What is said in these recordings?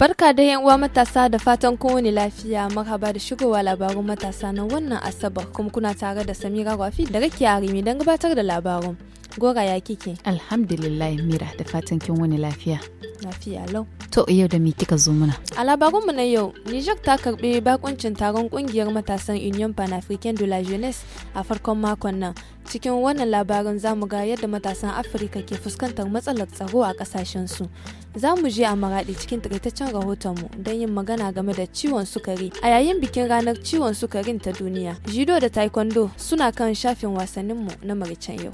Barka da yan uwa matasa da fatan kowane lafiya marhaba da shigowa labarun matasa na wannan asabar kuma kuna tare da Samira gwafi da Rakiya Arimi don gabatar da labarun. Gora ya kike? Alhamdulillah Mira da fatan kin wani lafiya. Lafiya lau. To yau da me kika zo mana? A mu na yau, Nijar ta karɓi bakuncin taron ƙungiyar matasan Union Pan-African de la Jeunesse a farkon makon nan. Cikin wannan labarin za mu ga yadda matasan Afirka ke fuskantar matsalar tsaro a su Za mu je a maraɗi cikin takaitaccen mu don yin magana game da ciwon sukari. A yayin bikin ranar ciwon sukarin ta duniya, Jido da Taekwondo suna kan shafin wasanninmu na maricen yau.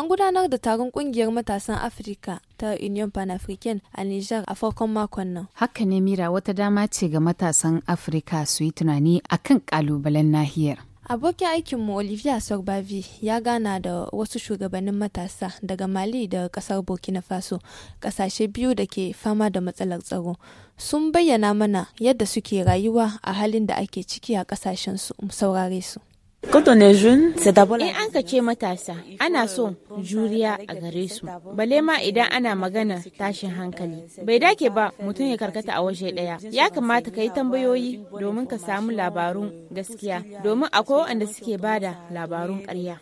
An gudanar da taron kungiyar matasan Afirka ta Union Pan-African a niger a farkon makon nan. Haka ne Mira wata dama ce ga matasan Afirka su yi tunani kan kalubalen nahiyar. abokin aikinmu olivia sorbavi ya gana da wasu shugabannin matasa daga mali da kasar burkina faso kasashe biyu da ke fama da matsalar tsaro sun bayyana mana yadda suke rayuwa a halin da ake ciki a kasashensu saurare su In an ka matasa, ana so juriya a gare su, bale ma idan ana magana tashin hankali. Bai dake ba mutum ya karkata a waje daya Ya kamata ka yi tambayoyi domin ka samu labarun gaskiya, domin akwai waɗanda suke bada labarun ƙarya.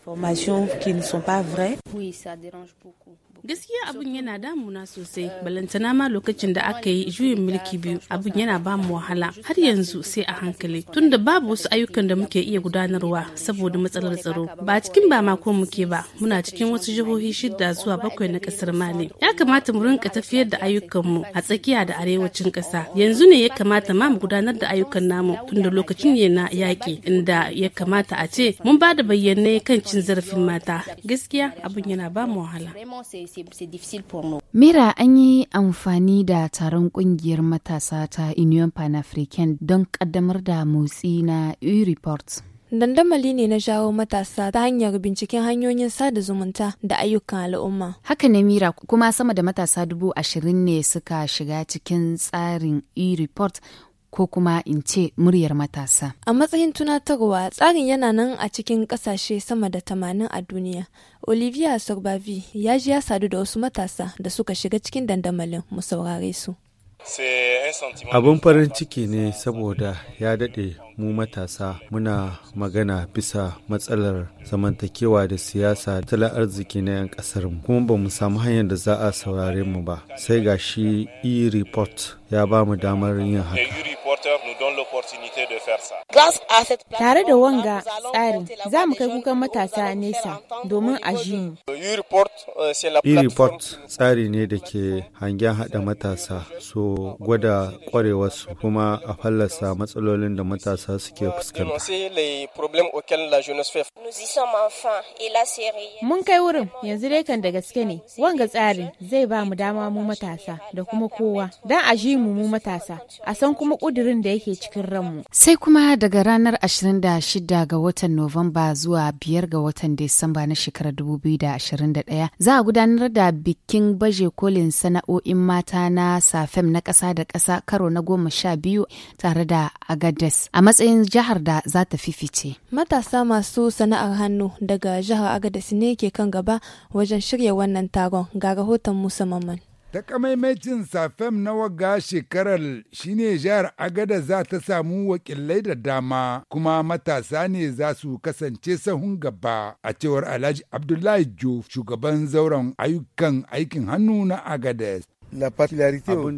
gaskiya abun yana damuna sosai eh, balantana ma lokacin da aka yi juyin mulki biyu abin yana ba mu wahala har yanzu sai a hankali tunda babu wasu ayyukan da muke iya gudanarwa saboda matsalar tsaro ba cikin ba mako muke ba muna cikin wasu jihohi shida zuwa bakwai na kasar mali ya kamata mu rinka tafiyar da ayyukanmu a tsakiya da arewacin ƙasa, yanzu ne ya kamata ma mu gudanar da ayyukan namu tunda lokacin ne na yaƙi inda ya kamata a ce mun ba da bayyanai kan cin zarafin mata gaskiya abun yana ba mu wahala difficile pour Mira an yi amfani da taron kungiyar matasa ta Union Pan-African don kaddamar da motsi na e-report. Dandamali ne na jawo matasa ta hanyar binciken hanyoyin sada zumunta da ayyukan al'umma. Haka ne Mira kuma sama da matasa dubu ashirin ne suka shiga cikin tsarin e-report ko kuma in ce muryar matasa. A matsayin tunatarwa tsarin yana nan a cikin ƙasashe sama da tamanin a duniya. Olivia Sorbavi ya ji ya sadu da wasu matasa da suka shiga cikin dandamalin mu saurare su. Abin farin ciki ne saboda ya daɗe mu matasa muna magana bisa matsalar zamantakewa da siyasa tattalin arziki na 'yan mu kuma ba mu samu hanyar da za a saurare mu ba sai ga shi e-report ya ba mu damar yin haka. противника. Tare da wanga tsari za mu kai kukan matasa nesa domin a ji mu. E-report tsari ne da ke hangen haɗa matasa su gwada ƙwarewarsu kuma a fallasa matsalolin da matasa suke fuskanta. Mun kai wurin yanzu dai kan da gaske ne wanga tsari zai ba mu dama mu matasa da kuma kowa don a ji mu mu matasa a san kuma ƙudurin da yake cikin ranmu. Sai kuma daga ranar 26 ga watan Nuwamba zuwa 5 ga watan Disamba na shekarar 2021 za a gudanar da bikin baje kolin sana'o'in mata na Safem na ƙasa da ƙasa karo na goma sha biyu tare da Agades a matsayin jihar da za ta fifice. Matasa masu sana'ar hannu daga jihar Agades ne ke kan gaba wajen shirya wannan taron ga rahoton musamman. Takamaimacin safem na waga shekarar shine jihar Agada za ta samu wakilai da dama kuma matasa ne za su kasance sahun gaba a cewar Alhaji Abdullahi Jo shugaban zauren ayyukan aikin hannu na Agades. abin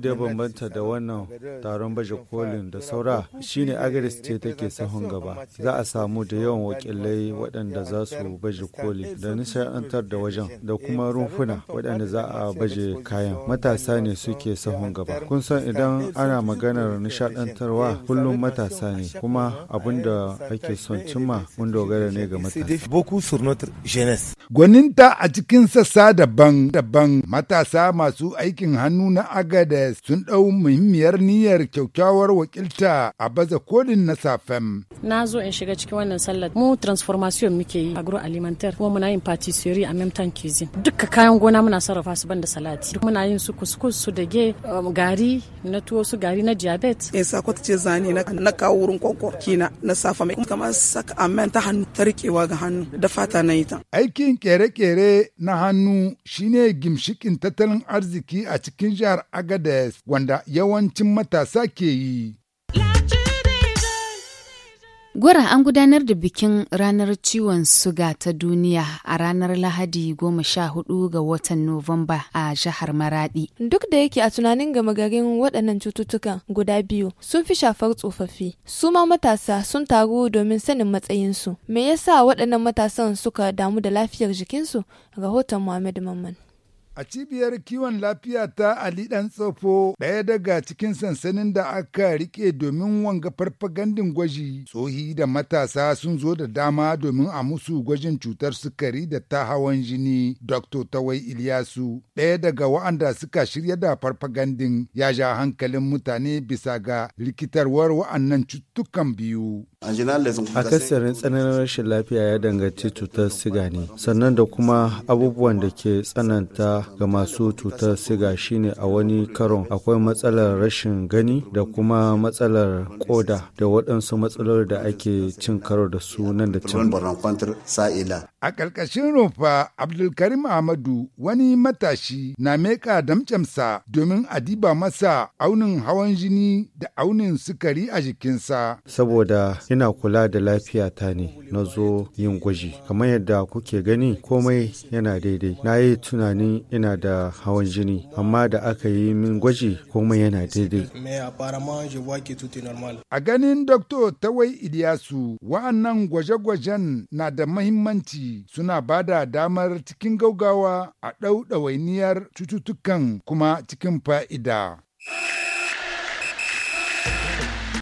da ya bambanta da wannan taron baje kolin da saura shine agaris ce take sahun gaba za a samu da yawan wakilai waɗanda za su baje koli da nishaɗantar da wajen da kuma rumfuna waɗanda za a baje kayan matasa ne suke sahun gaba kun san idan ana maganar nishaɗantarwa kullum matasa ne kuma abin da ake son cimma mun dogara ne ga matasa gwaninta a cikin sassa daban-daban matasa masu aikin hannu na Agades sun ɗau muhimmiyar niyyar kyaukyawar wakilta a baza kodin na safen. Na zo in shiga cikin wannan sallar mu transformation muke yi agroalimentar kuma muna yin patisserie a même temps cuisine. Duka kayan gona muna sarrafa su banda salati. Muna yin su kuskus su dage um, gari na tuwo su gari na diabetes. Eh sako ta ce zani na na kawo wurin kwankwa kina na safem kamar saka amen ta hannu ta riƙewa ga hannu da fata na ita. Aikin kere-kere na hannu shine gimshikin tattalin arziki a cikin cikin jihar Agadez wanda yawancin matasa ke yi. Gwara an gudanar da bikin ranar ciwon suga ta duniya a ranar Lahadi goma sha hudu ga watan Nuwamba a jihar Maradi. Duk da yake a tunanin gama garin waɗannan cututtukan guda biyu sun fi shafar tsofaffi. suma matasa sun taru domin sanin matsayinsu. Me yasa waɗannan matasan suka damu da lafiyar jikinsu? Rahoton Muhammad Mamman. A cibiyar kiwon lafiya ta Ali Ɗan Tsofo ɗaya daga cikin sansanin da aka rike domin wanga farfagandin gwaji tsohi da matasa sun zo da dama domin a musu gwajin cutar sukari da ta hawan jini Dr. Tawai Ilyasu, ɗaya daga wa'anda suka shirya da farfagandin ya ja hankalin mutane bisa ga rikitarwar wa'annan cututtukan biyu. Akasarin tsananin rashin lafiya ya danganci cutar siga ne, sannan da kuma abubuwan da ke tsananta ga masu cutar siga shine a wani karon akwai matsalar rashin gani da kuma matsalar koda da waɗansu matsaloli da ake cin karo da su nan da can. A ƙarƙashin rumfa Abdulkarim Ahmadu wani matashi na meka damcamsa domin a diba masa aunin hawan jini da aunin sukari a jikinsa. Saboda ina kula da lafiyata ne na zo yin gwaji kamar yadda kuke gani komai yana daidai na yi tunani ina da hawan jini amma da aka yi min gwaji komai yana daidai a ganin doktor tawai iliyasu wa'annan gwaje-gwajen na da mahimmanci suna ba da damar cikin gaugawa a ɗau ɗawainiyar cututtukan kuma cikin fa'ida.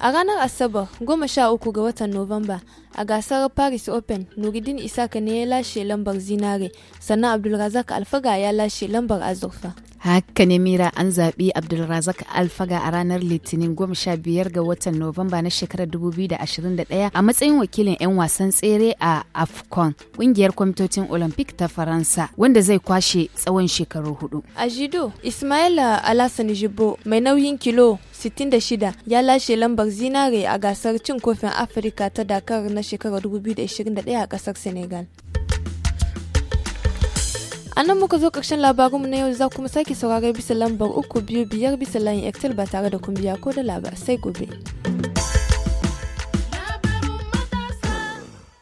A ranar Asabar goma sha uku ga watan Nuwamba a gasar Paris Open, Nuruddin Isaka ne ya lashe lambar zinare, sannan Abdulrazak Alfaga ya lashe lambar azurfa. Haka ne Mira an zaɓi Abdulrazak Alfaga a ranar Litinin goma sha ga watan Nuwamba na shekarar 2021 a matsayin wakilin 'yan wasan tsere a AFCON, ƙungiyar kwamitocin Olympic ta Faransa, wanda zai kwashe tsawon shekaru hudu. A Jido, Ismaila Alassane Jibo mai nauyin kilo 66 ya lashe lambar zinare a gasar cin kofin Afirka ta Dakar na shekarar 2021 a kasar Senegal. a nan muka zo ƙarshen labarinmu na yau za kuma sake saurare bisa lambar uku biyu biyar bisa layin excel ba tare da kumbiya ko da labar sai gobe.